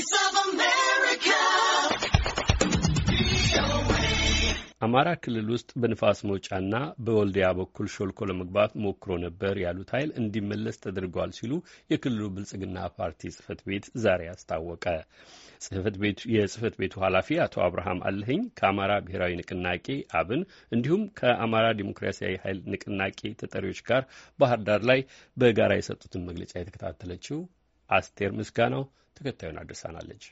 Voice of America. አማራ ክልል ውስጥ በንፋስ መውጫና በወልዲያ በኩል ሾልኮ ለመግባት ሞክሮ ነበር ያሉት ኃይል እንዲመለስ ተደርጓል ሲሉ የክልሉ ብልጽግና ፓርቲ ጽህፈት ቤት ዛሬ አስታወቀ። ቤቱ የጽህፈት ቤቱ ኃላፊ አቶ አብርሃም አለህኝ ከአማራ ብሔራዊ ንቅናቄ አብን እንዲሁም ከአማራ ዲሞክራሲያዊ ኃይል ንቅናቄ ተጠሪዎች ጋር ባህር ዳር ላይ በጋራ የሰጡትን መግለጫ የተከታተለችው አስቴር ምስጋናው ተከታዩን አድርሳናለች።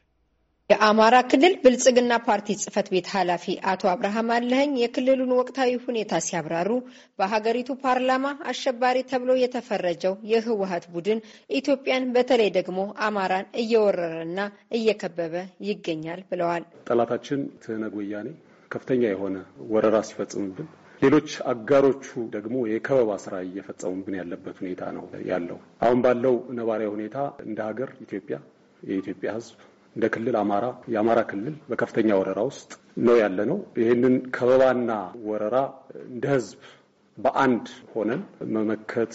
የአማራ ክልል ብልጽግና ፓርቲ ጽህፈት ቤት ኃላፊ አቶ አብርሃም አለኸኝ የክልሉን ወቅታዊ ሁኔታ ሲያብራሩ በሀገሪቱ ፓርላማ አሸባሪ ተብሎ የተፈረጀው የህወሀት ቡድን ኢትዮጵያን በተለይ ደግሞ አማራን እየወረረና እየከበበ ይገኛል ብለዋል። ጠላታችን ትህነግ ወያኔ ከፍተኛ የሆነ ወረራ ሲፈጽምብን ሌሎች አጋሮቹ ደግሞ የከበባ ስራ እየፈጸሙብን ያለበት ሁኔታ ነው ያለው። አሁን ባለው ነባሪያ ሁኔታ እንደ ሀገር ኢትዮጵያ፣ የኢትዮጵያ ህዝብ እንደ ክልል አማራ፣ የአማራ ክልል በከፍተኛ ወረራ ውስጥ ነው ያለ ነው። ይህንን ከበባና ወረራ እንደ ህዝብ በአንድ ሆነን መመከት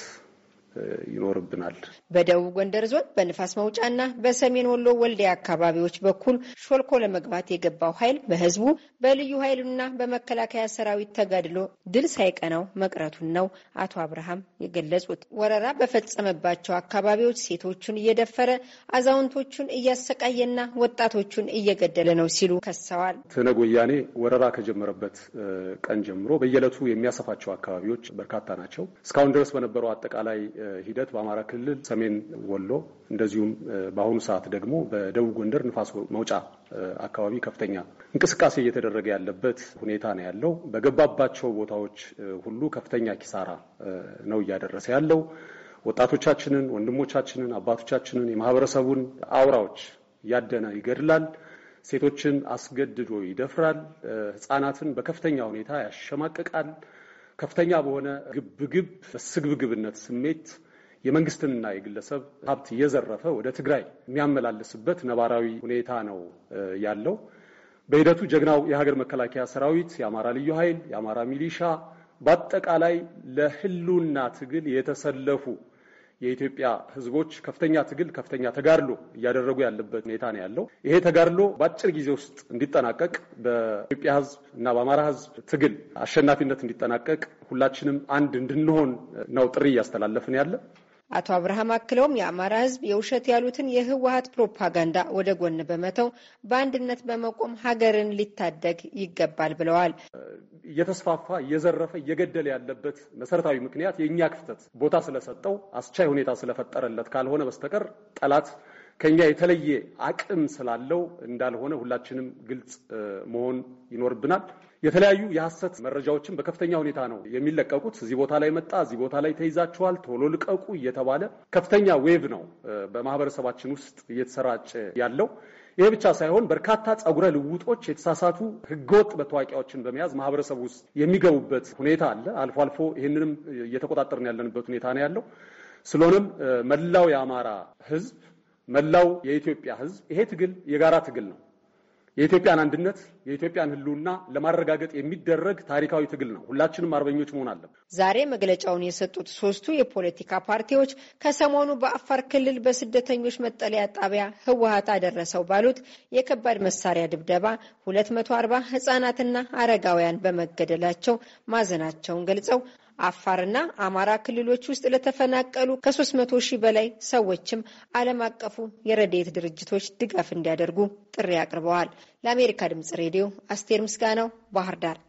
ይኖርብናል። በደቡብ ጎንደር ዞን በንፋስ መውጫና በሰሜን ወሎ ወልዲያ አካባቢዎች በኩል ሾልኮ ለመግባት የገባው ኃይል በህዝቡ በልዩ ኃይልና በመከላከያ ሰራዊት ተጋድሎ ድል ሳይቀናው መቅረቱን ነው አቶ አብርሃም የገለጹት። ወረራ በፈጸመባቸው አካባቢዎች ሴቶቹን እየደፈረ አዛውንቶቹን እያሰቃየና ወጣቶቹን እየገደለ ነው ሲሉ ከሰዋል። ትነጎያኔ ወያኔ ወረራ ከጀመረበት ቀን ጀምሮ በየዕለቱ የሚያሰፋቸው አካባቢዎች በርካታ ናቸው። እስካሁን ድረስ በነበረው አጠቃላይ ሂደት በአማራ ክልል ሰሜን ወሎ እንደዚሁም በአሁኑ ሰዓት ደግሞ በደቡብ ጎንደር ንፋስ መውጫ አካባቢ ከፍተኛ እንቅስቃሴ እየተደረገ ያለበት ሁኔታ ነው ያለው። በገባባቸው ቦታዎች ሁሉ ከፍተኛ ኪሳራ ነው እያደረሰ ያለው። ወጣቶቻችንን፣ ወንድሞቻችንን፣ አባቶቻችንን፣ የማህበረሰቡን አውራዎች ያደነ ይገድላል። ሴቶችን አስገድዶ ይደፍራል። ህጻናትን በከፍተኛ ሁኔታ ያሸማቅቃል። ከፍተኛ በሆነ ግብግብ፣ ስግብግብነት ስሜት የመንግስትንና የግለሰብ ሀብት እየዘረፈ ወደ ትግራይ የሚያመላልስበት ነባራዊ ሁኔታ ነው ያለው። በሂደቱ ጀግናው የሀገር መከላከያ ሰራዊት፣ የአማራ ልዩ ኃይል፣ የአማራ ሚሊሻ፣ በአጠቃላይ ለህልውና ትግል የተሰለፉ የኢትዮጵያ ሕዝቦች ከፍተኛ ትግል፣ ከፍተኛ ተጋድሎ እያደረጉ ያለበት ሁኔታ ነው ያለው። ይሄ ተጋድሎ በአጭር ጊዜ ውስጥ እንዲጠናቀቅ በኢትዮጵያ ሕዝብ እና በአማራ ሕዝብ ትግል አሸናፊነት እንዲጠናቀቅ ሁላችንም አንድ እንድንሆን ነው ጥሪ እያስተላለፍን ያለ። አቶ አብርሃም አክለውም የአማራ ህዝብ የውሸት ያሉትን የህወሀት ፕሮፓጋንዳ ወደ ጎን በመተው በአንድነት በመቆም ሀገርን ሊታደግ ይገባል ብለዋል። እየተስፋፋ እየዘረፈ እየገደለ ያለበት መሰረታዊ ምክንያት የእኛ ክፍተት ቦታ ስለሰጠው አስቻይ ሁኔታ ስለፈጠረለት ካልሆነ በስተቀር ጠላት ከኛ የተለየ አቅም ስላለው እንዳልሆነ ሁላችንም ግልጽ መሆን ይኖርብናል። የተለያዩ የሐሰት መረጃዎችን በከፍተኛ ሁኔታ ነው የሚለቀቁት። እዚህ ቦታ ላይ መጣ፣ እዚህ ቦታ ላይ ተይዛችኋል፣ ቶሎ ልቀቁ እየተባለ ከፍተኛ ዌቭ ነው በማህበረሰባችን ውስጥ እየተሰራጨ ያለው። ይሄ ብቻ ሳይሆን በርካታ ጸጉረ ልውጦች የተሳሳቱ ህገወጥ መታወቂያዎችን በመያዝ ማህበረሰብ ውስጥ የሚገቡበት ሁኔታ አለ። አልፎ አልፎ ይህንንም እየተቆጣጠርን ያለንበት ሁኔታ ነው ያለው። ስለሆነም መላው የአማራ ህዝብ፣ መላው የኢትዮጵያ ህዝብ ይሄ ትግል የጋራ ትግል ነው። የኢትዮጵያን አንድነት የኢትዮጵያን ሕልውና ለማረጋገጥ የሚደረግ ታሪካዊ ትግል ነው። ሁላችንም አርበኞች መሆን አለን። ዛሬ መግለጫውን የሰጡት ሶስቱ የፖለቲካ ፓርቲዎች ከሰሞኑ በአፋር ክልል በስደተኞች መጠለያ ጣቢያ ህወሀት አደረሰው ባሉት የከባድ መሳሪያ ድብደባ 240 ህጻናትና አረጋውያን በመገደላቸው ማዘናቸውን ገልጸው አፋርና አማራ ክልሎች ውስጥ ለተፈናቀሉ ከ 300 ሺህ በላይ ሰዎችም ዓለም አቀፉ የረድኤት ድርጅቶች ድጋፍ እንዲያደርጉ ጥሪ አቅርበዋል። ለአሜሪካ ድምጽ ሬዲዮ አስቴር ምስጋናው ባህር ዳር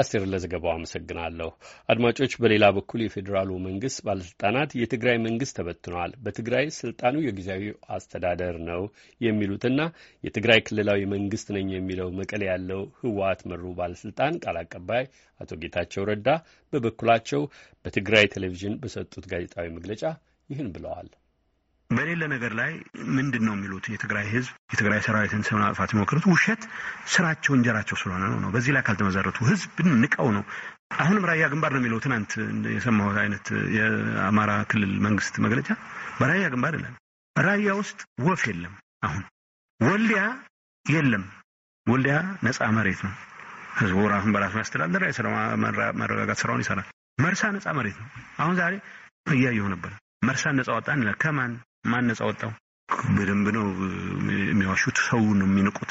አስቴር ለዘገባው አመሰግናለሁ። አድማጮች፣ በሌላ በኩል የፌዴራሉ መንግስት ባለስልጣናት የትግራይ መንግስት ተበትነዋል። በትግራይ ስልጣኑ የጊዜያዊ አስተዳደር ነው የሚሉትና የትግራይ ክልላዊ መንግስት ነኝ የሚለው መቀሌ ያለው ህወሓት መሩ ባለስልጣን ቃል አቀባይ አቶ ጌታቸው ረዳ በበኩላቸው በትግራይ ቴሌቪዥን በሰጡት ጋዜጣዊ መግለጫ ይህን ብለዋል። በሌለ ነገር ላይ ምንድን ነው የሚሉት የትግራይ ህዝብ የትግራይ ሰራዊትን ስም ለማጥፋት የሚሞክሩት ውሸት ስራቸው እንጀራቸው ስለሆነ ነው። በዚህ ላይ ካልተመዘረቱ ህዝብን ንቀው ነው። አሁንም ራያ ግንባር ነው የሚለው ትናንት የሰማሁት አይነት የአማራ ክልል መንግስት መግለጫ በራያ ግንባር ይላል። ራያ ውስጥ ወፍ የለም። አሁን ወልዲያ የለም። ወልዲያ ነፃ መሬት ነው። ህዝቡ ራሱን በራሱ ያስተዳደር መረጋጋት ስራውን ይሰራል። መርሳ ነፃ መሬት ነው። አሁን ዛሬ እያየሁ ነበር። መርሳን ነፃ ወጣን ከማን ማን ወጣው? በደንብ ነው የሚዋሹት። ሰው ነው የሚንቁት።